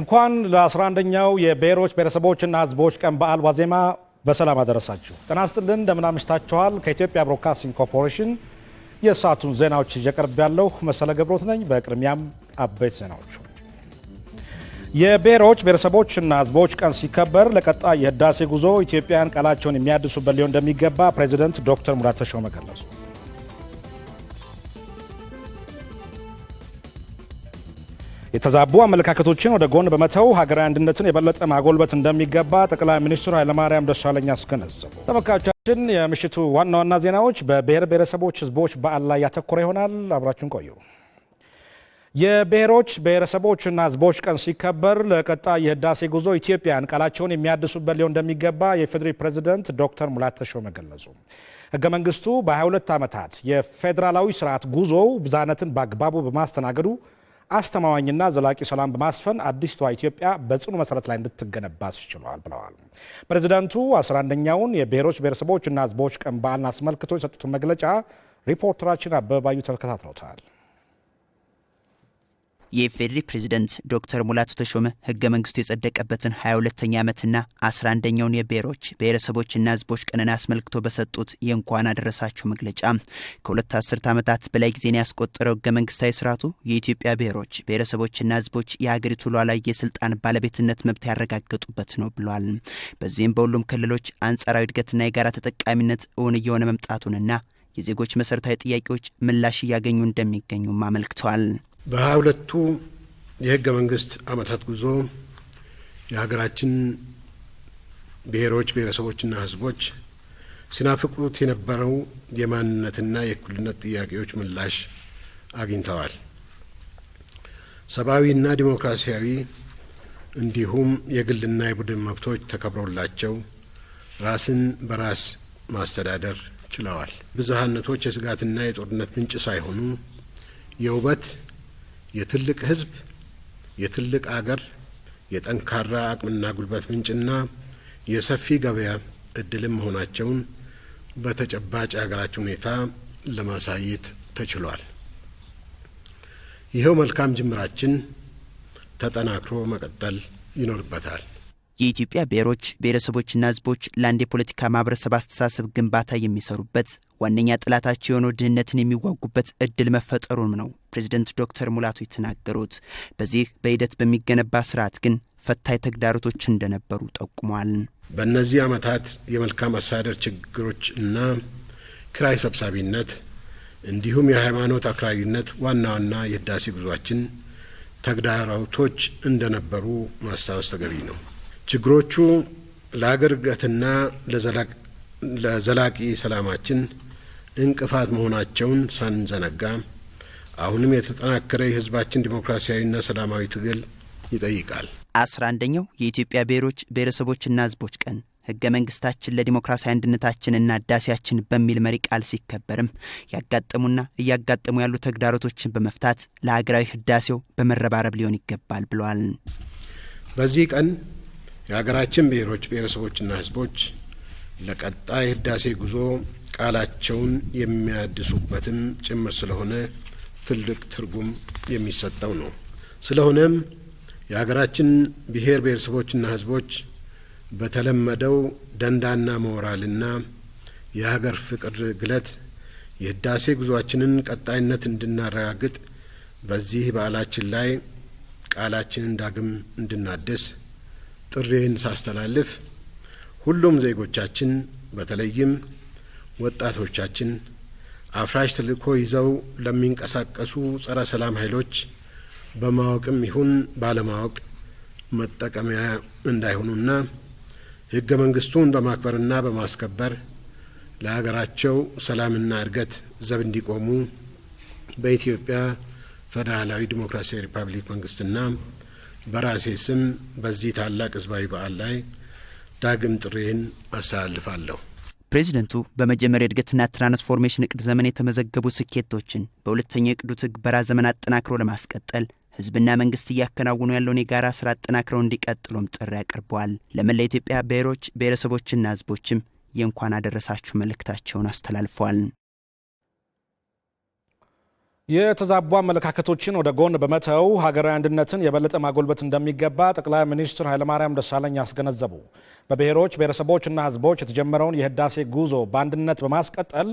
እንኳን ለ11ኛው የብሔሮች ብሔረሰቦችና ህዝቦች ቀን በዓል ዋዜማ በሰላም አደረሳችሁ። ጤና ይስጥልን፣ እንደምን አምሽታችኋል? ከኢትዮጵያ ብሮድካስቲንግ ኮርፖሬሽን የሰዓቱን ዜናዎች እየቀርብ ያለሁ መሰለ ገብሮት ነኝ። በቅድሚያም አበይት ዜናዎቹ የብሔሮች ብሔረሰቦችና ህዝቦች ቀን ሲከበር ለቀጣይ የህዳሴ ጉዞ ኢትዮጵያውያን ቃላቸውን የሚያድሱበት ሊሆን እንደሚገባ ፕሬዚደንት ዶክተር ሙላቱ ተሾመ ገለጹ። የተዛቡ አመለካከቶችን ወደ ጎን በመተው ሀገራዊ አንድነትን የበለጠ ማጎልበት እንደሚገባ ጠቅላይ ሚኒስትር ኃይለማርያም ደሳለኝ አስገነዘቡ። ተመልካቾቻችን፣ የምሽቱ ዋና ዋና ዜናዎች በብሔር ብሔረሰቦች ህዝቦች በዓል ላይ ያተኮረ ይሆናል። አብራችን ቆዩ። የብሔሮች ብሔረሰቦችና ህዝቦች ቀን ሲከበር ለቀጣይ የህዳሴ ጉዞ ኢትዮጵያን ቃላቸውን የሚያድሱበት ሊሆን እንደሚገባ የፌዴሪ ፕሬዚደንት ዶክተር ሙላቱ ተሾመ ገለጹ። ህገ መንግስቱ በ22 ዓመታት የፌዴራላዊ ስርዓት ጉዞው ብዛነትን በአግባቡ በማስተናገዱ አስተማማኝና ዘላቂ ሰላም በማስፈን አዲስቷ ኢትዮጵያ በጽኑ መሰረት ላይ እንድትገነባ አስችሏል ብለዋል። ፕሬዚዳንቱ 11ኛውን የብሔሮች ብሔረሰቦችና ህዝቦች ቀን በዓልን አስመልክቶ የሰጡትን መግለጫ ሪፖርተራችን አበባዩ ተከታትለውታል። የኢፌዴሪ ፕሬዚደንት ዶክተር ሙላቱ ተሾመ ህገ መንግስቱ የጸደቀበትን 22ተኛ ዓመትና 11ኛውን የብሔሮች ብሔረሰቦችና ህዝቦች ቀንን አስመልክቶ በሰጡት የእንኳን አደረሳችሁ መግለጫ ከሁለት አስርት ዓመታት በላይ ጊዜን ያስቆጠረው ህገ መንግስታዊ ስርዓቱ የኢትዮጵያ ብሔሮች ብሔረሰቦችና ህዝቦች የሀገሪቱ ሉዓላዊ የስልጣን ባለቤትነት መብት ያረጋገጡበት ነው ብሏል። በዚህም በሁሉም ክልሎች አንጻራዊ እድገትና የጋራ ተጠቃሚነት እውን እየሆነ መምጣቱንና የዜጎች መሰረታዊ ጥያቄዎች ምላሽ እያገኙ እንደሚገኙም አመልክተዋል። በሀያ ሁለቱ የህገ መንግስት ዓመታት ጉዞ የሀገራችን ብሔሮች ብሔረሰቦችና ህዝቦች ሲናፍቁት የነበረው የማንነትና የእኩልነት ጥያቄዎች ምላሽ አግኝተዋል። ሰብአዊና ዲሞክራሲያዊ እንዲሁም የግልና የቡድን መብቶች ተከብረውላቸው ራስን በራስ ማስተዳደር ችለዋል። ብዝሃነቶች የስጋትና የጦርነት ምንጭ ሳይሆኑ የውበት የትልቅ ህዝብ፣ የትልቅ አገር፣ የጠንካራ አቅምና ጉልበት ምንጭና የሰፊ ገበያ እድልም መሆናቸውን በተጨባጭ የሀገራችን ሁኔታ ለማሳየት ተችሏል። ይኸው መልካም ጅምራችን ተጠናክሮ መቀጠል ይኖርበታል። የኢትዮጵያ ብሔሮች ብሔረሰቦችና ህዝቦች ለአንድ የፖለቲካ ማህበረሰብ አስተሳሰብ ግንባታ የሚሰሩበት ዋነኛ ጥላታቸው የሆነው ድህነትን የሚዋጉበት እድል መፈጠሩም ነው ፕሬዚደንት ዶክተር ሙላቱ የተናገሩት። በዚህ በሂደት በሚገነባ ስርዓት ግን ፈታኝ ተግዳሮቶች እንደነበሩ ጠቁመዋል። በእነዚህ ዓመታት የመልካም አስተዳደር ችግሮች እና ክራይ ሰብሳቢነት እንዲሁም የሃይማኖት አክራሪነት ዋና ዋና የህዳሴ ጉዟችን ተግዳሮቶች እንደነበሩ ማስታወስ ተገቢ ነው። ችግሮቹ ለአገር እድገትና ለዘላቂ ሰላማችን እንቅፋት መሆናቸውን ሳንዘነጋ አሁንም የተጠናከረ የህዝባችን ዲሞክራሲያዊና ሰላማዊ ትግል ይጠይቃል። አስራ አንደኛው የኢትዮጵያ ብሔሮች ብሔረሰቦችና ህዝቦች ቀን ህገ መንግስታችን ለዲሞክራሲያዊ አንድነታችንና ዳሴያችን በሚል መሪ ቃል ሲከበርም ያጋጠሙና እያጋጠሙ ያሉ ተግዳሮቶችን በመፍታት ለሀገራዊ ህዳሴው በመረባረብ ሊሆን ይገባል ብለዋል። በዚህ ቀን የሀገራችን ብሔሮች ብሔረሰቦችና ህዝቦች ለቀጣይ ህዳሴ ጉዞ ቃላቸውን የሚያድሱበትም ጭምር ስለሆነ ትልቅ ትርጉም የሚሰጠው ነው። ስለሆነም የሀገራችን ብሔር ብሔረሰቦችና ህዝቦች በተለመደው ደንዳና ሞራልና የሀገር ፍቅር ግለት የህዳሴ ጉዟችንን ቀጣይነት እንድናረጋግጥ በዚህ በዓላችን ላይ ቃላችንን ዳግም እንድናድስ ጥሬን ሳስተላልፍ ሁሉም ዜጎቻችን በተለይም ወጣቶቻችን አፍራሽ ተልእኮ ይዘው ለሚንቀሳቀሱ ጸረ ሰላም ኃይሎች በማወቅም ይሁን ባለማወቅ መጠቀሚያ እንዳይሆኑና ሕገ መንግስቱን በማክበርና በማስከበር ለሀገራቸው ሰላምና እድገት ዘብ እንዲቆሙ በኢትዮጵያ ፌዴራላዊ ዲሞክራሲያዊ ሪፐብሊክ መንግስትና በራሴ ስም በዚህ ታላቅ ህዝባዊ በዓል ላይ ዳግም ጥሬን አስተላልፋለሁ። ፕሬዚደንቱ በመጀመሪያ እድገትና ትራንስፎርሜሽን እቅድ ዘመን የተመዘገቡ ስኬቶችን በሁለተኛው የእቅዱ ትግበራ ዘመን አጠናክሮ ለማስቀጠል ህዝብና መንግስት እያከናወኑ ያለውን የጋራ ስራ አጠናክረው እንዲቀጥሉም ጥሪ አቅርበዋል። ለመላ ኢትዮጵያ ብሔሮች ብሔረሰቦችና ህዝቦችም የእንኳን አደረሳችሁ መልእክታቸውን አስተላልፈዋል። የተዛቡ አመለካከቶችን ወደ ጎን በመተው ሀገራዊ አንድነትን የበለጠ ማጎልበት እንደሚገባ ጠቅላይ ሚኒስትር ኃይለማርያም ደሳለኝ አስገነዘቡ። በብሔሮች ብሔረሰቦችና ሕዝቦች የተጀመረውን የህዳሴ ጉዞ በአንድነት በማስቀጠል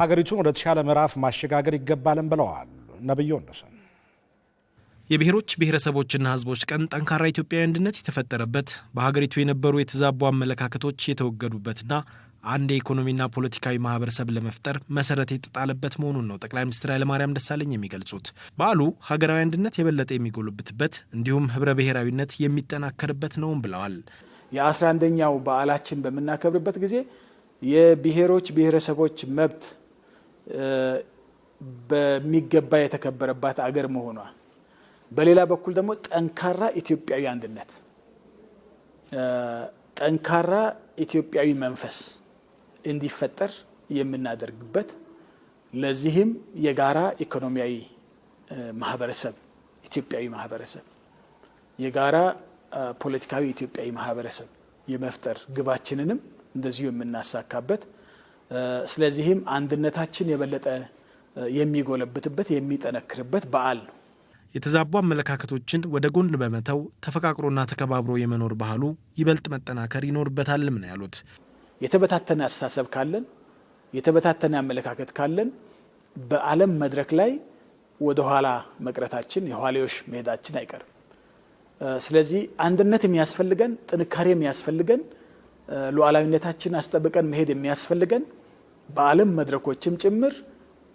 ሀገሪቱን ወደ ተሻለ ምዕራፍ ማሸጋገር ይገባልን ብለዋል። ነቢዩ ወንደሰን የብሔሮች ብሔረሰቦችና ህዝቦች ቀን ጠንካራ ኢትዮጵያዊ አንድነት የተፈጠረበት በሀገሪቱ የነበሩ የተዛቡ አመለካከቶች የተወገዱበትና አንድ የኢኮኖሚና ፖለቲካዊ ማህበረሰብ ለመፍጠር መሰረት የተጣለበት መሆኑን ነው ጠቅላይ ሚኒስትር ኃይለማርያም ደሳለኝ የሚገልጹት። በዓሉ ሀገራዊ አንድነት የበለጠ የሚጎሉብትበት እንዲሁም ህብረ ብሔራዊነት የሚጠናከርበት ነውም ብለዋል። የአስራ አንደኛው በዓላችን በምናከብርበት ጊዜ የብሔሮች ብሔረሰቦች መብት በሚገባ የተከበረባት አገር መሆኗ፣ በሌላ በኩል ደግሞ ጠንካራ ኢትዮጵያዊ አንድነት ጠንካራ ኢትዮጵያዊ መንፈስ እንዲፈጠር የምናደርግበት ለዚህም የጋራ ኢኮኖሚያዊ ማህበረሰብ ኢትዮጵያዊ ማህበረሰብ የጋራ ፖለቲካዊ ኢትዮጵያዊ ማህበረሰብ የመፍጠር ግባችንንም እንደዚሁ የምናሳካበት ስለዚህም አንድነታችን የበለጠ የሚጎለብትበት የሚጠነክርበት በዓል ነው። የተዛቡ አመለካከቶችን ወደ ጎን በመተው ተፈቃቅሮና ተከባብሮ የመኖር ባህሉ ይበልጥ መጠናከር ይኖርበታልም ነው ያሉት። የተበታተነ አስተሳሰብ ካለን የተበታተነ አመለካከት ካለን በዓለም መድረክ ላይ ወደ ኋላ መቅረታችን የኋሊዮሽ መሄዳችን አይቀርም። ስለዚህ አንድነት የሚያስፈልገን ጥንካሬ የሚያስፈልገን ሉዓላዊነታችን አስጠብቀን መሄድ የሚያስፈልገን በዓለም መድረኮችም ጭምር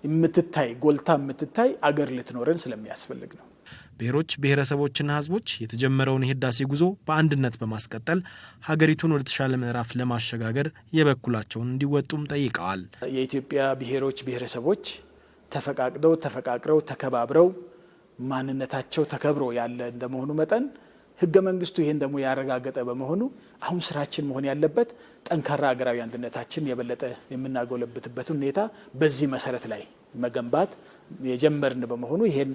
የምትታይ ጎልታ የምትታይ አገር ልትኖረን ስለሚያስፈልግ ነው። ብሔሮች ብሔረሰቦችና ህዝቦች የተጀመረውን የህዳሴ ጉዞ በአንድነት በማስቀጠል ሀገሪቱን ወደ ተሻለ ምዕራፍ ለማሸጋገር የበኩላቸውን እንዲወጡም ጠይቀዋል። የኢትዮጵያ ብሔሮች ብሔረሰቦች ተፈቃቅደው ተፈቃቅረው ተከባብረው ማንነታቸው ተከብሮ ያለ እንደመሆኑ መጠን ህገ መንግስቱ ይህን ደግሞ ያረጋገጠ በመሆኑ አሁን ስራችን መሆን ያለበት ጠንካራ ሀገራዊ አንድነታችን የበለጠ የምናጎለብትበትን ሁኔታ በዚህ መሰረት ላይ መገንባት የጀመርን በመሆኑ ይሄን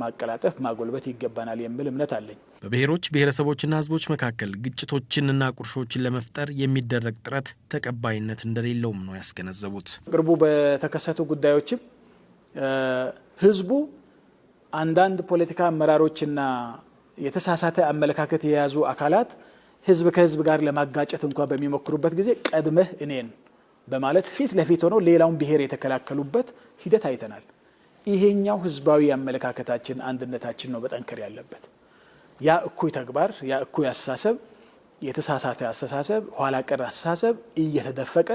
ማቀላጠፍ ማጎልበት ይገባናል የሚል እምነት አለኝ። በብሔሮች ብሔረሰቦችና ህዝቦች መካከል ግጭቶችንና ቁርሾችን ለመፍጠር የሚደረግ ጥረት ተቀባይነት እንደሌለውም ነው ያስገነዘቡት። ቅርቡ በተከሰቱ ጉዳዮችም ህዝቡ አንዳንድ ፖለቲካ አመራሮችና የተሳሳተ አመለካከት የያዙ አካላት ህዝብ ከህዝብ ጋር ለማጋጨት እንኳ በሚሞክሩበት ጊዜ ቀድመህ እኔን በማለት ፊት ለፊት ሆነው ሌላውን ብሔር የተከላከሉበት ሂደት አይተናል። ይሄኛው ህዝባዊ አመለካከታችን አንድነታችን ነው መጠንከር ያለበት። ያ እኩይ ተግባር ያ እኩይ አስተሳሰብ የተሳሳተ አስተሳሰብ ኋላ ቀር አስተሳሰብ እየተደፈቀ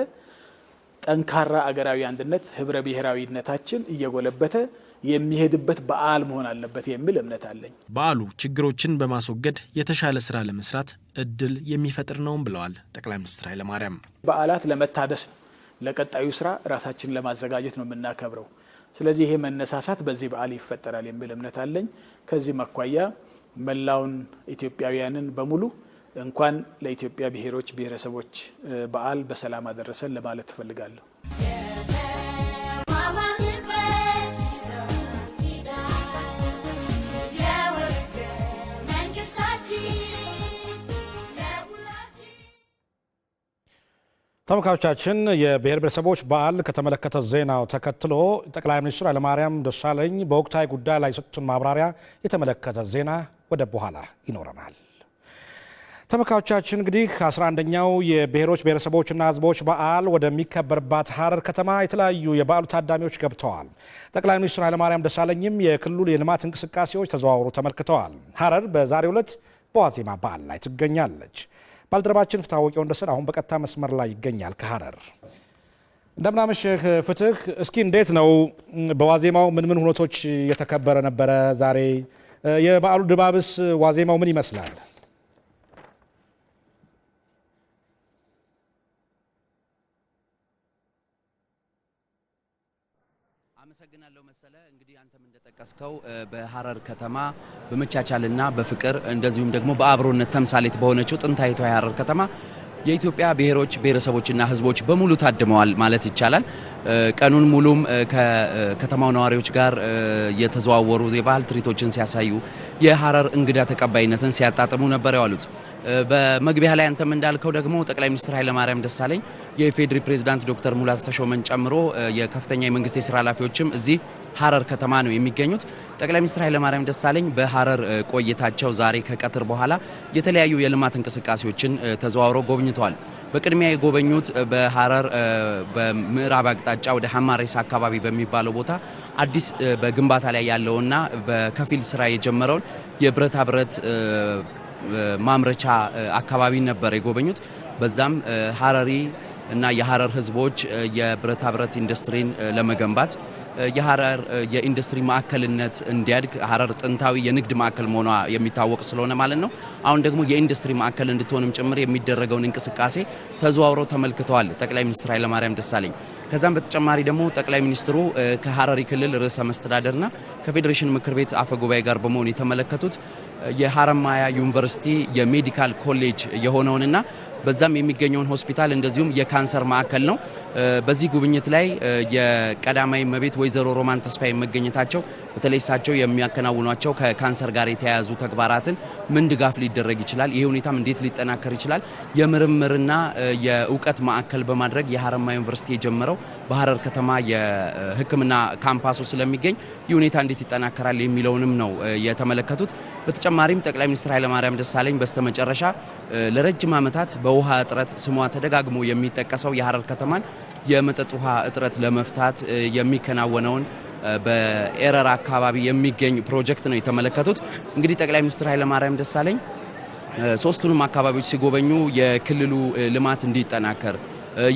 ጠንካራ አገራዊ አንድነት ህብረ ብሔራዊነታችን እየጎለበተ የሚሄድበት በዓል መሆን አለበት የሚል እምነት አለኝ። በዓሉ ችግሮችን በማስወገድ የተሻለ ስራ ለመስራት እድል የሚፈጥር ነውም ብለዋል ጠቅላይ ሚኒስትር ኃይለማርያም። በዓላት ለመታደስ ነው፣ ለቀጣዩ ስራ ራሳችን ለማዘጋጀት ነው የምናከብረው። ስለዚህ ይሄ መነሳሳት በዚህ በዓል ይፈጠራል የሚል እምነት አለኝ። ከዚህ መኳያ መላውን ኢትዮጵያውያንን በሙሉ እንኳን ለኢትዮጵያ ብሔሮች ብሔረሰቦች በዓል በሰላም አደረሰን ለማለት እፈልጋለሁ። ተመልካቾቻችን የብሔር ብሔረሰቦች በዓል ከተመለከተ ዜናው ተከትሎ ጠቅላይ ሚኒስትር ኃይለማርያም ደሳለኝ በወቅታዊ ጉዳይ ላይ የሰጡትን ማብራሪያ የተመለከተ ዜና ወደ በኋላ ይኖረናል። ተመልካቾቻችን እንግዲህ 11ኛው የብሔሮች ብሔረሰቦችና ሕዝቦች በዓል ወደሚከበርባት ሀረር ከተማ የተለያዩ የበዓሉ ታዳሚዎች ገብተዋል። ጠቅላይ ሚኒስትር ኃይለማርያም ደሳለኝም የክልሉ የልማት እንቅስቃሴዎች ተዘዋውሮ ተመልክተዋል። ሀረር በዛሬው ዕለት በዋዜማ በዓል ላይ ትገኛለች። ባልደረባችን ፍትሐ እንደሰን አሁን በቀጥታ መስመር ላይ ይገኛል ከሀረር እንደምናመሽህ ፍትህ፣ እስኪ እንዴት ነው በዋዜማው ምን ምን ሁነቶች የተከበረ ነበረ ዛሬ? የበዓሉ ድባብስ ዋዜማው ምን ይመስላል? አመሰግናለሁ መሰለ። እንግዲህ አንተም እንደጠቀስከው በሀረር ከተማ በመቻቻልና በፍቅር እንደዚሁም ደግሞ በአብሮነት ተምሳሌት በሆነችው ጥንታዊቷ የሀረር ከተማ የኢትዮጵያ ብሔሮች ብሔረሰቦችና ህዝቦች በሙሉ ታድመዋል ማለት ይቻላል። ቀኑን ሙሉም ከከተማው ነዋሪዎች ጋር የተዘዋወሩ የባህል ትርኢቶችን ሲያሳዩ፣ የሀረር እንግዳ ተቀባይነትን ሲያጣጥሙ ነበር ያሉት። በመግቢያ ላይ አንተም እንዳልከው ደግሞ ጠቅላይ ሚኒስትር ኃይለማርያም ደሳለኝ የኢፌዴሪ ፕሬዝዳንት ዶክተር ሙላቱ ተሾመን ጨምሮ የከፍተኛ የመንግስት የስራ ኃላፊዎችም እዚህ ሀረር ከተማ ነው የሚገኙት። ጠቅላይ ሚኒስትር ኃይለማርያም ደሳለኝ በሀረር ቆይታቸው ዛሬ ከቀትር በኋላ የተለያዩ የልማት እንቅስቃሴዎችን ተዘዋውረው ጎብኝ ቆይተዋል። በቅድሚያ የጎበኙት በሀረር በምዕራብ አቅጣጫ ወደ ሐማሬስ አካባቢ በሚባለው ቦታ አዲስ በግንባታ ላይ ያለውና በከፊል ስራ የጀመረውን የብረታ ብረት ማምረቻ አካባቢ ነበር የጎበኙት። በዛም ሀረሪ እና የሀረር ህዝቦች የብረታ ብረት ኢንዱስትሪን ለመገንባት የሀረር የኢንዱስትሪ ማዕከልነት እንዲያድግ ሀረር ጥንታዊ የንግድ ማዕከል መሆኗ የሚታወቅ ስለሆነ ማለት ነው። አሁን ደግሞ የኢንዱስትሪ ማዕከል እንድትሆንም ጭምር የሚደረገውን እንቅስቃሴ ተዘዋውረው ተመልክተዋል ጠቅላይ ሚኒስትር ኃይለማርያም ደሳለኝ። ከዛም በተጨማሪ ደግሞ ጠቅላይ ሚኒስትሩ ከሀረሪ ክልል ርዕሰ መስተዳደርና ከፌዴሬሽን ምክር ቤት አፈ ጉባኤ ጋር በመሆን የተመለከቱት የሀረማያ ዩኒቨርሲቲ የሜዲካል ኮሌጅ የሆነውንና በዛም የሚገኘውን ሆስፒታል እንደዚሁም የካንሰር ማዕከል ነው። በዚህ ጉብኝት ላይ የቀዳማዊ እመቤት ወይዘሮ ሮማን ተስፋዬ መገኘታቸው በተለይ እሳቸው የሚያከናውኗቸው ከካንሰር ጋር የተያያዙ ተግባራትን ምን ድጋፍ ሊደረግ ይችላል፣ ይህ ሁኔታም እንዴት ሊጠናከር ይችላል፣ የምርምርና የእውቀት ማዕከል በማድረግ የሀረማያ ዩኒቨርሲቲ የጀመረው በሀረር ከተማ የሕክምና ካምፓሱ ስለሚገኝ ይህ ሁኔታ እንዴት ይጠናከራል የሚለውንም ነው የተመለከቱት። በተጨማሪም ጠቅላይ ሚኒስትር ኃይለማርያም ደሳለኝ በስተመጨረሻ ለረጅም ዓመታት በ በውሃ እጥረት ስሟ ተደጋግሞ የሚጠቀሰው የሀረር ከተማን የመጠጥ ውሃ እጥረት ለመፍታት የሚከናወነውን በኤረር አካባቢ የሚገኝ ፕሮጀክት ነው የተመለከቱት። እንግዲህ ጠቅላይ ሚኒስትር ኃይለማርያም ደሳለኝ ሶስቱንም አካባቢዎች ሲጎበኙ የክልሉ ልማት እንዲጠናከር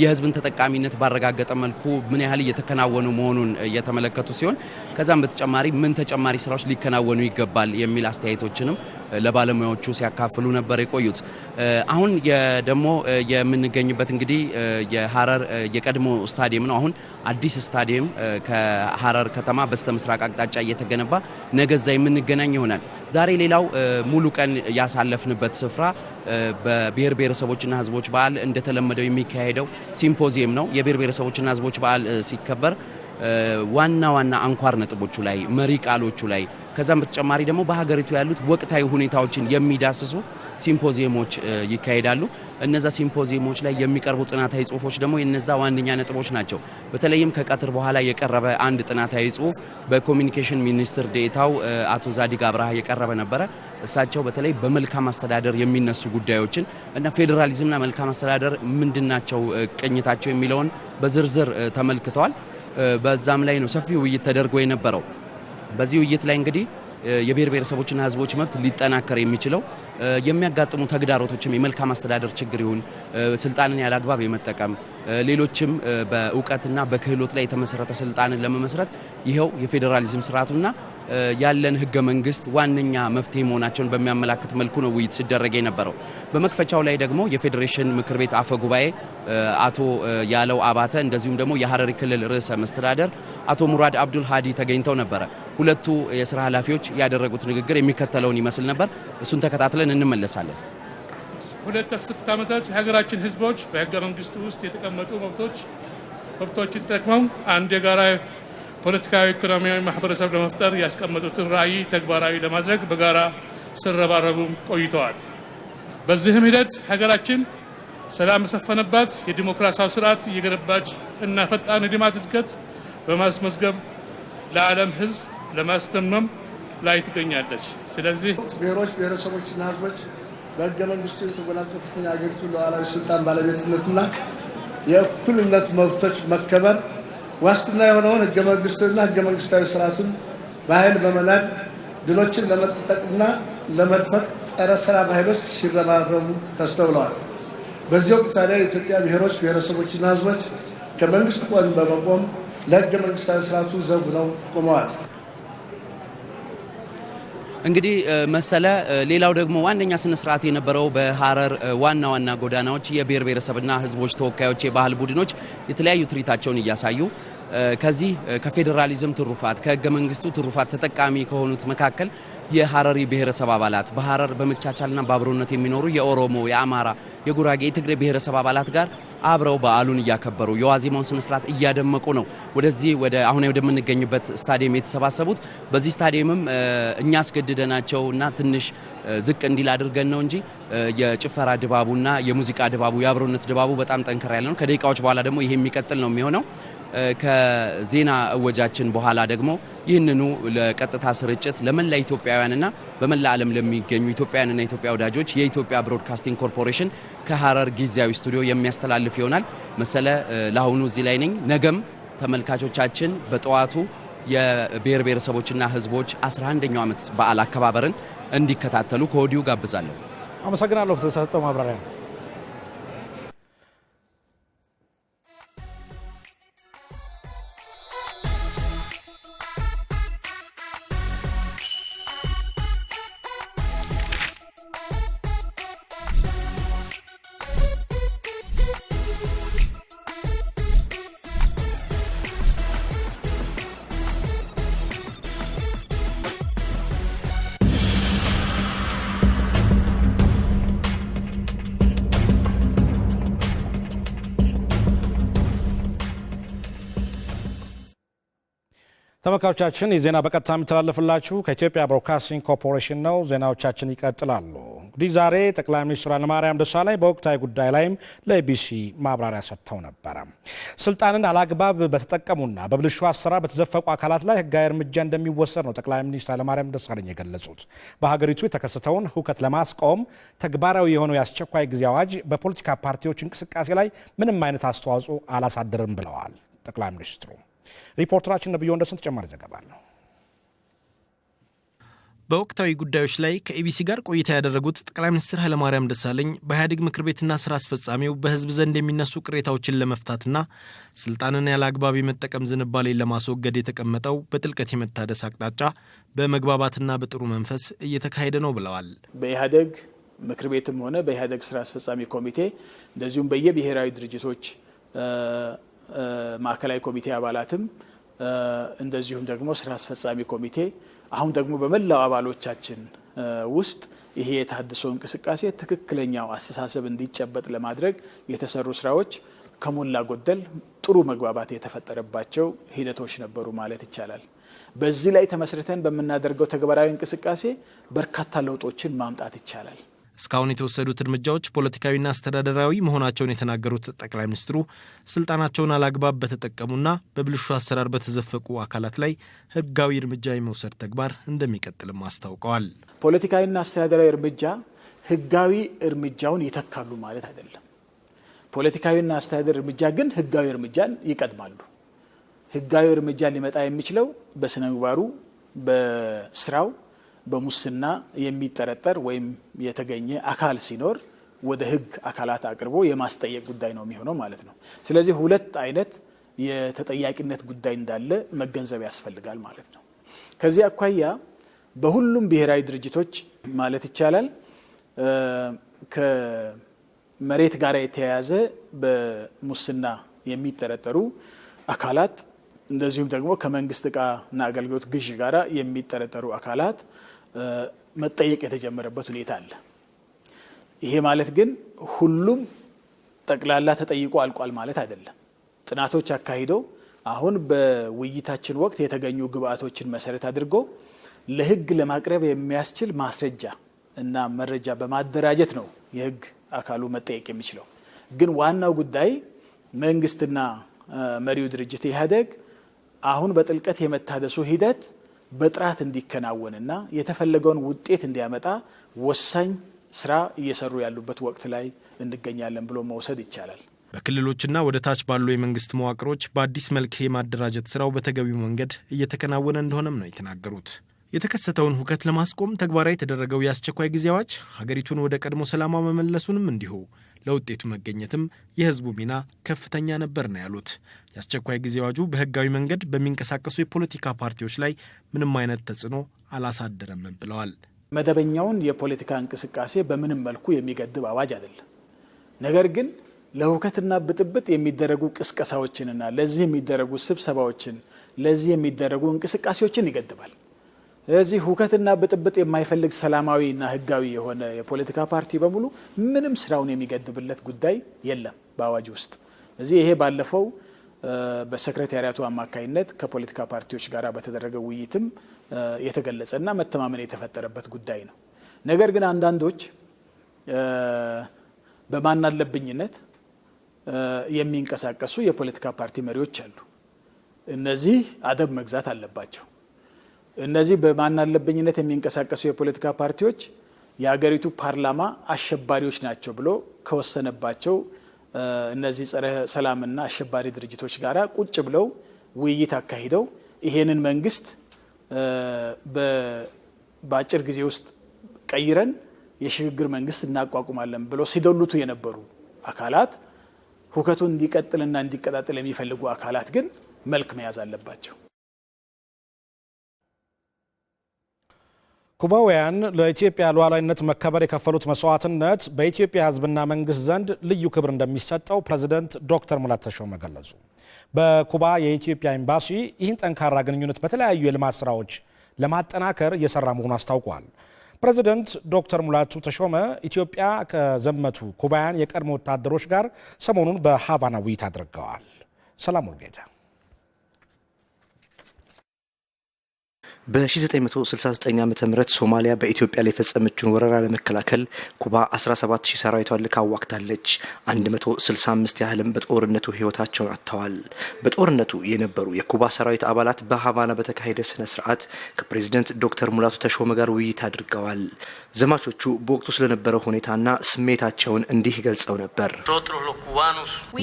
የህዝብን ተጠቃሚነት ባረጋገጠ መልኩ ምን ያህል እየተከናወኑ መሆኑን እየተመለከቱ ሲሆን ከዛም በተጨማሪ ምን ተጨማሪ ስራዎች ሊከናወኑ ይገባል የሚል አስተያየቶችንም ለባለሙያዎቹ ሲያካፍሉ ነበር የቆዩት። አሁን ደግሞ የምንገኝበት እንግዲህ የሀረር የቀድሞ ስታዲየም ነው። አሁን አዲስ ስታዲየም ከሀረር ከተማ በስተ ምስራቅ አቅጣጫ እየተገነባ ነገ እዛ የምንገናኝ ይሆናል። ዛሬ ሌላው ሙሉ ቀን ያሳለፍንበት ስፍራ በብሔር ብሔረሰቦችና ህዝቦች በዓል እንደተለመደው የሚካሄደው ሲምፖዚየም ነው። የብሔር ብሔረሰቦችና ህዝቦች በዓል ሲከበር ዋና ዋና አንኳር ነጥቦቹ ላይ መሪ ቃሎቹ ላይ ከዛም በተጨማሪ ደግሞ በሀገሪቱ ያሉት ወቅታዊ ሁኔታዎችን የሚዳስሱ ሲምፖዚየሞች ይካሄዳሉ። እነዛ ሲምፖዚየሞች ላይ የሚቀርቡ ጥናታዊ ጽሁፎች ደግሞ የነዛ ዋነኛ ነጥቦች ናቸው። በተለይም ከቀትር በኋላ የቀረበ አንድ ጥናታዊ ጽሁፍ በኮሚኒኬሽን ሚኒስትር ዴኤታው አቶ ዛዲግ አብርሃ የቀረበ ነበረ። እሳቸው በተለይ በመልካም አስተዳደር የሚነሱ ጉዳዮችን እና ፌዴራሊዝምና መልካም አስተዳደር ምንድናቸው ቅኝታቸው የሚለውን በዝርዝር ተመልክተዋል። በዛም ላይ ነው ሰፊ ውይይት ተደርጎ የነበረው። በዚህ ውይይት ላይ እንግዲህ የብሔር ብሔረሰቦችና ሕዝቦች መብት ሊጠናከር የሚችለው የሚያጋጥሙ ተግዳሮቶችም የመልካም አስተዳደር ችግር ይሁን ስልጣንን ያለ አግባብ የመጠቀም ሌሎችም በእውቀትና በክህሎት ላይ የተመሰረተ ስልጣንን ለመመስረት ይኸው የፌዴራሊዝም ስርዓቱና ያለን ህገ መንግስት ዋነኛ መፍትሄ መሆናቸውን በሚያመላክት መልኩ ነው ውይይት ሲደረግ የነበረው። በመክፈቻው ላይ ደግሞ የፌዴሬሽን ምክር ቤት አፈ ጉባኤ አቶ ያለው አባተ እንደዚሁም ደግሞ የሀረሪ ክልል ርዕሰ መስተዳደር አቶ ሙራድ አብዱል ሀዲ ተገኝተው ነበረ። ሁለቱ የስራ ኃላፊዎች ያደረጉት ንግግር የሚከተለውን ይመስል ነበር። እሱን ተከታትለን እንመለሳለን። ሁለት አስርት ዓመታት የሀገራችን ህዝቦች በህገ መንግስቱ ውስጥ የተቀመጡ መብቶች መብቶችን ተጠቅመው አንድ የጋራ ፖለቲካዊ፣ ኢኮኖሚያዊ ማህበረሰብ ለመፍጠር ያስቀመጡትን ራዕይ ተግባራዊ ለማድረግ በጋራ ስረባረቡም ቆይተዋል። በዚህም ሂደት ሀገራችን ሰላም የሰፈነባት የዲሞክራሲያዊ ስርዓት እየገነባች እና ፈጣን የልማት እድገት በማስመዝገብ ለዓለም ሕዝብ ለማስደመም ላይ ትገኛለች። ስለዚህ ብሔሮች፣ ብሔረሰቦችና ሕዝቦች በህገ መንግስቱ የተጎናጸፉትን የአገሪቱ ሉዓላዊ ስልጣን ባለቤትነትና የእኩልነት መብቶች መከበር ዋስትና የሆነውን ህገ መንግስትና ህገ መንግስታዊ ስርዓቱን በኃይል በመናድ ድሎችን ለመጠቅና ለመድፈቅ ጸረ ሰላም ኃይሎች ሲረባረቡ ተስተውለዋል። በዚህ ወቅት ታዲያ የኢትዮጵያ ብሔሮች ብሔረሰቦችና ህዝቦች ከመንግስት ቆን በመቆም ለህገ መንግስታዊ ስርዓቱ ዘብ ነው ቆመዋል። እንግዲህ መሰለ ሌላው ደግሞ ዋነኛ ስነ ስርዓት የነበረው በሀረር ዋና ዋና ጎዳናዎች የብሔር ብሔረሰብና ህዝቦች ተወካዮች የባህል ቡድኖች የተለያዩ ትርኢታቸውን እያሳዩ ከዚህ ከፌዴራሊዝም ትሩፋት ከህገ መንግስቱ ትሩፋት ተጠቃሚ ከሆኑት መካከል የሀረሪ ብሔረሰብ አባላት በሀረር በመቻቻልና በአብሮነት የሚኖሩ የኦሮሞ፣ የአማራ፣ የጉራጌ፣ የትግሬ ብሔረሰብ አባላት ጋር አብረው በዓሉን እያከበሩ የዋዜማውን ስነስርዓት እያደመቁ ነው ወደዚህ ወደ አሁን ወደምንገኝበት ስታዲየም የተሰባሰቡት። በዚህ ስታዲየምም እኛ አስገድደናቸው እና ትንሽ ዝቅ እንዲል አድርገን ነው እንጂ የጭፈራ ድባቡና የሙዚቃ ድባቡ የአብሮነት ድባቡ በጣም ጠንከር ያለ ነው። ከደቂቃዎች በኋላ ደግሞ ይሄ የሚቀጥል ነው የሚሆነው። ከዜና እወጃችን በኋላ ደግሞ ይህንኑ ለቀጥታ ስርጭት ለመላ ኢትዮጵያውያንና በመላ ዓለም ለሚገኙ ኢትዮጵያውያንና ኢትዮጵያ ወዳጆች የኢትዮጵያ ብሮድካስቲንግ ኮርፖሬሽን ከሀረር ጊዜያዊ ስቱዲዮ የሚያስተላልፍ ይሆናል። መሰለ ለአሁኑ እዚህ ላይ ነኝ። ነገም ተመልካቾቻችን በጠዋቱ የብሔር ብሔረሰቦችና ሕዝቦች 11ኛው ዓመት በዓል አከባበርን እንዲከታተሉ ከወዲሁ ጋብዛለሁ። አመሰግናለሁ ስለሰጠው ማብራሪያ። ተመልካቾቻችን የዜና በቀጥታ የሚተላለፍላችሁ ከኢትዮጵያ ብሮድካስቲንግ ኮርፖሬሽን ነው። ዜናዎቻችን ይቀጥላሉ። እንግዲህ ዛሬ ጠቅላይ ሚኒስትር ኃይለማርያም ደሳለኝ በወቅታዊ ጉዳይ ላይም ለኢቢሲ ማብራሪያ ሰጥተው ነበረ። ስልጣንን አላግባብ በተጠቀሙና በብልሹ አሰራር በተዘፈቁ አካላት ላይ ህጋዊ እርምጃ እንደሚወሰድ ነው ጠቅላይ ሚኒስትር ኃይለማርያም ደሳለኝ የገለጹት። በሀገሪቱ የተከሰተውን ሁከት ለማስቆም ተግባራዊ የሆነው የአስቸኳይ ጊዜ አዋጅ በፖለቲካ ፓርቲዎች እንቅስቃሴ ላይ ምንም አይነት አስተዋጽኦ አላሳደርም ብለዋል ጠቅላይ ሚኒስትሩ ሪፖርተራችን ነብዩ ወንደሰን ተጨማሪ ዘገባ ነው። በወቅታዊ ጉዳዮች ላይ ከኢቢሲ ጋር ቆይታ ያደረጉት ጠቅላይ ሚኒስትር ኃይለማርያም ደሳለኝ በኢህአዴግ ምክር ቤትና ስራ አስፈጻሚው በህዝብ ዘንድ የሚነሱ ቅሬታዎችን ለመፍታትና ስልጣንን ያለ አግባብ የመጠቀም ዝንባሌን ለማስወገድ የተቀመጠው በጥልቀት የመታደስ አቅጣጫ በመግባባትና በጥሩ መንፈስ እየተካሄደ ነው ብለዋል። በኢህአዴግ ምክር ቤትም ሆነ በኢህአዴግ ስራ አስፈጻሚ ኮሚቴ እንደዚሁም በየብሔራዊ ድርጅቶች ማዕከላዊ ኮሚቴ አባላትም እንደዚሁም ደግሞ ስራ አስፈጻሚ ኮሚቴ አሁን ደግሞ በመላው አባሎቻችን ውስጥ ይሄ የታድሶ እንቅስቃሴ ትክክለኛው አስተሳሰብ እንዲጨበጥ ለማድረግ የተሰሩ ስራዎች ከሞላ ጎደል ጥሩ መግባባት የተፈጠረባቸው ሂደቶች ነበሩ ማለት ይቻላል። በዚህ ላይ ተመስርተን በምናደርገው ተግባራዊ እንቅስቃሴ በርካታ ለውጦችን ማምጣት ይቻላል። እስካሁን የተወሰዱት እርምጃዎች ፖለቲካዊና አስተዳደራዊ መሆናቸውን የተናገሩት ጠቅላይ ሚኒስትሩ ስልጣናቸውን አላግባብ በተጠቀሙና በብልሹ አሰራር በተዘፈቁ አካላት ላይ ህጋዊ እርምጃ የመውሰድ ተግባር እንደሚቀጥልም አስታውቀዋል። ፖለቲካዊና አስተዳደራዊ እርምጃ ህጋዊ እርምጃውን ይተካሉ ማለት አይደለም። ፖለቲካዊና አስተዳደር እርምጃ ግን ህጋዊ እርምጃን ይቀድማሉ። ህጋዊ እርምጃ ሊመጣ የሚችለው በስነ ምግባሩ፣ በስራው በሙስና የሚጠረጠር ወይም የተገኘ አካል ሲኖር ወደ ህግ አካላት አቅርቦ የማስጠየቅ ጉዳይ ነው የሚሆነው ማለት ነው። ስለዚህ ሁለት አይነት የተጠያቂነት ጉዳይ እንዳለ መገንዘብ ያስፈልጋል ማለት ነው። ከዚህ አኳያ በሁሉም ብሔራዊ ድርጅቶች ማለት ይቻላል ከመሬት ጋር የተያያዘ በሙስና የሚጠረጠሩ አካላት እንደዚሁም ደግሞ ከመንግስት እቃና አገልግሎት ግዢ ጋር የሚጠረጠሩ አካላት መጠየቅ የተጀመረበት ሁኔታ አለ። ይሄ ማለት ግን ሁሉም ጠቅላላ ተጠይቆ አልቋል ማለት አይደለም። ጥናቶች አካሂደው አሁን በውይይታችን ወቅት የተገኙ ግብአቶችን መሰረት አድርጎ ለህግ ለማቅረብ የሚያስችል ማስረጃ እና መረጃ በማደራጀት ነው የህግ አካሉ መጠየቅ የሚችለው። ግን ዋናው ጉዳይ መንግስትና መሪው ድርጅት ኢህአዴግ አሁን በጥልቀት የመታደሱ ሂደት በጥራት እንዲከናወንና የተፈለገውን ውጤት እንዲያመጣ ወሳኝ ስራ እየሰሩ ያሉበት ወቅት ላይ እንገኛለን ብሎ መውሰድ ይቻላል። በክልሎችና ወደ ታች ባሉ የመንግስት መዋቅሮች በአዲስ መልክ የማደራጀት ስራው በተገቢው መንገድ እየተከናወነ እንደሆነም ነው የተናገሩት። የተከሰተውን ሁከት ለማስቆም ተግባራዊ የተደረገው የአስቸኳይ ጊዜ አዋጅ ሀገሪቱን ወደ ቀድሞ ሰላማ መመለሱንም እንዲሁ ለውጤቱ መገኘትም የህዝቡ ሚና ከፍተኛ ነበር ነው ያሉት። የአስቸኳይ ጊዜ አዋጁ በህጋዊ መንገድ በሚንቀሳቀሱ የፖለቲካ ፓርቲዎች ላይ ምንም አይነት ተጽዕኖ አላሳደረምም ብለዋል። መደበኛውን የፖለቲካ እንቅስቃሴ በምንም መልኩ የሚገድብ አዋጅ አይደለም። ነገር ግን ለሁከትና ብጥብጥ የሚደረጉ ቅስቀሳዎችንና ለዚህ የሚደረጉ ስብሰባዎችን፣ ለዚህ የሚደረጉ እንቅስቃሴዎችን ይገድባል። እዚህ ሁከትና ብጥብጥ የማይፈልግ ሰላማዊና ህጋዊ የሆነ የፖለቲካ ፓርቲ በሙሉ ምንም ስራውን የሚገድብለት ጉዳይ የለም በአዋጅ ውስጥ። እዚህ ይሄ ባለፈው በሰክሬታሪያቱ አማካይነት ከፖለቲካ ፓርቲዎች ጋር በተደረገ ውይይትም የተገለጸና መተማመን የተፈጠረበት ጉዳይ ነው። ነገር ግን አንዳንዶች በማናለብኝነት የሚንቀሳቀሱ የፖለቲካ ፓርቲ መሪዎች አሉ። እነዚህ አደብ መግዛት አለባቸው። እነዚህ በማናለብኝነት የሚንቀሳቀሱ የፖለቲካ ፓርቲዎች የሀገሪቱ ፓርላማ አሸባሪዎች ናቸው ብሎ ከወሰነባቸው እነዚህ ጸረ ሰላምና አሸባሪ ድርጅቶች ጋር ቁጭ ብለው ውይይት አካሂደው ይሄንን መንግስት በአጭር ጊዜ ውስጥ ቀይረን የሽግግር መንግስት እናቋቁማለን ብሎ ሲደሉቱ የነበሩ አካላት ሁከቱን እንዲቀጥልና እንዲቀጣጥል የሚፈልጉ አካላት ግን መልክ መያዝ አለባቸው። ኩባውያን ለኢትዮጵያ ሉዓላዊነት መከበር የከፈሉት መስዋዕትነት በኢትዮጵያ ሕዝብና መንግስት ዘንድ ልዩ ክብር እንደሚሰጠው ፕሬዚደንት ዶክተር ሙላቱ ተሾመ ገለጹ። በኩባ የኢትዮጵያ ኤምባሲ ይህን ጠንካራ ግንኙነት በተለያዩ የልማት ስራዎች ለማጠናከር እየሰራ መሆኑ አስታውቋል። ፕሬዚደንት ዶክተር ሙላቱ ተሾመ ኢትዮጵያ ከዘመቱ ኩባውያን የቀድሞ ወታደሮች ጋር ሰሞኑን በሀቫና ውይይት አድርገዋል። ሰላም ወልጌዳ በ1969 ዓ ም ሶማሊያ በኢትዮጵያ ላይ የፈጸመችውን ወረራ ለመከላከል ኩባ 17 ሰራዊቷን ልካ አዋክታለች። 165 ያህልም በጦርነቱ ህይወታቸውን አጥተዋል። በጦርነቱ የነበሩ የኩባ ሰራዊት አባላት በሀቫና በተካሄደ ስነ ስርዓት ከፕሬዚደንት ዶክተር ሙላቱ ተሾመ ጋር ውይይት አድርገዋል። ዘማቾቹ በወቅቱ ስለነበረው ሁኔታና ስሜታቸውን እንዲህ ገልጸው ነበር።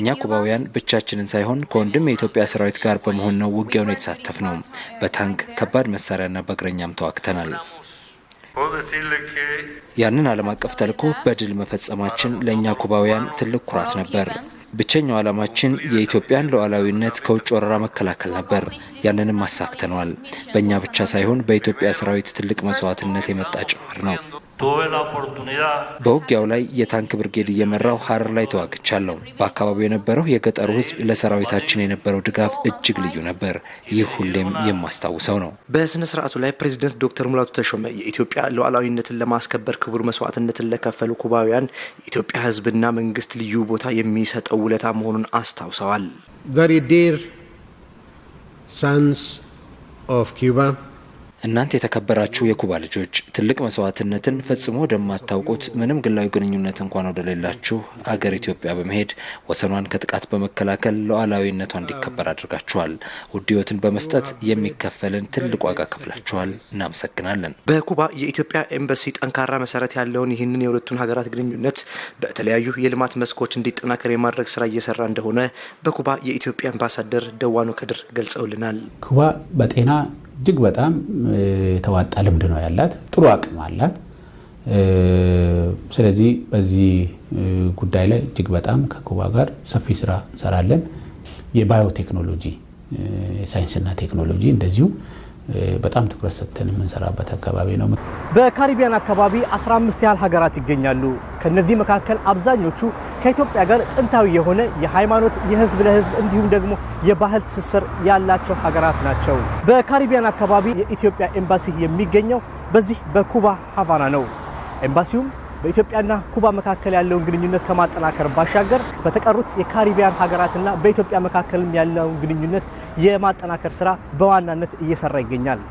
እኛ ኩባውያን ብቻችንን ሳይሆን ከወንድም የኢትዮጵያ ሰራዊት ጋር በመሆን ነው ውጊያውን የተሳተፍ ነው። በታንክ ከባድ መሳሪያ በመሳሪያና በእግረኛም ተዋግተናል። ያንን ዓለም አቀፍ ተልኮ በድል መፈጸማችን ለእኛ ኩባውያን ትልቅ ኩራት ነበር። ብቸኛው ዓላማችን የኢትዮጵያን ሉዓላዊነት ከውጭ ወረራ መከላከል ነበር። ያንንም አሳክተነዋል። በእኛ ብቻ ሳይሆን በኢትዮጵያ ሰራዊት ትልቅ መስዋዕትነት የመጣ ጭምር ነው። tuve la oportunidad በውጊያው ላይ የታንክ ብርጌድ እየመራው ሀረር ላይ ተዋግቻለሁ። በአካባቢው የነበረው የገጠሩ ህዝብ ለሰራዊታችን የነበረው ድጋፍ እጅግ ልዩ ነበር። ይህ ሁሌም የማስታውሰው ነው። በስነ ስርዓቱ ላይ ፕሬዚደንት ዶክተር ሙላቱ ተሾመ የኢትዮጵያ ሉዓላዊነትን ለማስከበር ክቡር መስዋዕትነትን ለከፈሉ ኩባውያን የኢትዮጵያ ህዝብና መንግስት ልዩ ቦታ የሚሰጠው ውለታ መሆኑን አስታውሰዋል። ቨሪ ዲር ሳንስ ኦፍ ኪባ። እናንተ የተከበራችሁ የኩባ ልጆች ትልቅ መስዋዕትነትን ፈጽሞ ወደማታውቁት ምንም ግላዊ ግንኙነት እንኳን ወደሌላችሁ አገር ኢትዮጵያ በመሄድ ወሰኗን ከጥቃት በመከላከል ሉዓላዊነቷ እንዲከበር አድርጋችኋል። ውድ በመስጠት የሚከፈልን ትልቅ ዋጋ ከፍላችኋል። እናመሰግናለን። በኩባ የኢትዮጵያ ኤምባሲ ጠንካራ መሰረት ያለውን ይህንን የሁለቱን ሀገራት ግንኙነት በተለያዩ የልማት መስኮች እንዲጠናከር የማድረግ ስራ እየሰራ እንደሆነ በኩባ የኢትዮጵያ አምባሳደር ደዋኑ ከድር ገልጸውልናል። ኩባ በጤና እጅግ በጣም የተዋጣ ልምድ ነው ያላት፣ ጥሩ አቅም አላት። ስለዚህ በዚህ ጉዳይ ላይ እጅግ በጣም ከኩባ ጋር ሰፊ ስራ እንሰራለን። የባዮቴክኖሎጂ የሳይንስና ቴክኖሎጂ እንደዚሁ በጣም ትኩረት ሰጥተን የምንሰራበት አካባቢ ነው። በካሪቢያን አካባቢ 15 ያህል ሀገራት ይገኛሉ። ከነዚህ መካከል አብዛኞቹ ከኢትዮጵያ ጋር ጥንታዊ የሆነ የሃይማኖት፣ የህዝብ ለህዝብ እንዲሁም ደግሞ የባህል ትስስር ያላቸው ሀገራት ናቸው። በካሪቢያን አካባቢ የኢትዮጵያ ኤምባሲ የሚገኘው በዚህ በኩባ ሀቫና ነው። ኤምባሲውም በኢትዮጵያና ኩባ መካከል ያለውን ግንኙነት ከማጠናከር ባሻገር በተቀሩት የካሪቢያን ሀገራትና በኢትዮጵያ መካከልም ያለውን ግንኙነት የማጠናከር ስራ በዋናነት እየሰራ ይገኛል።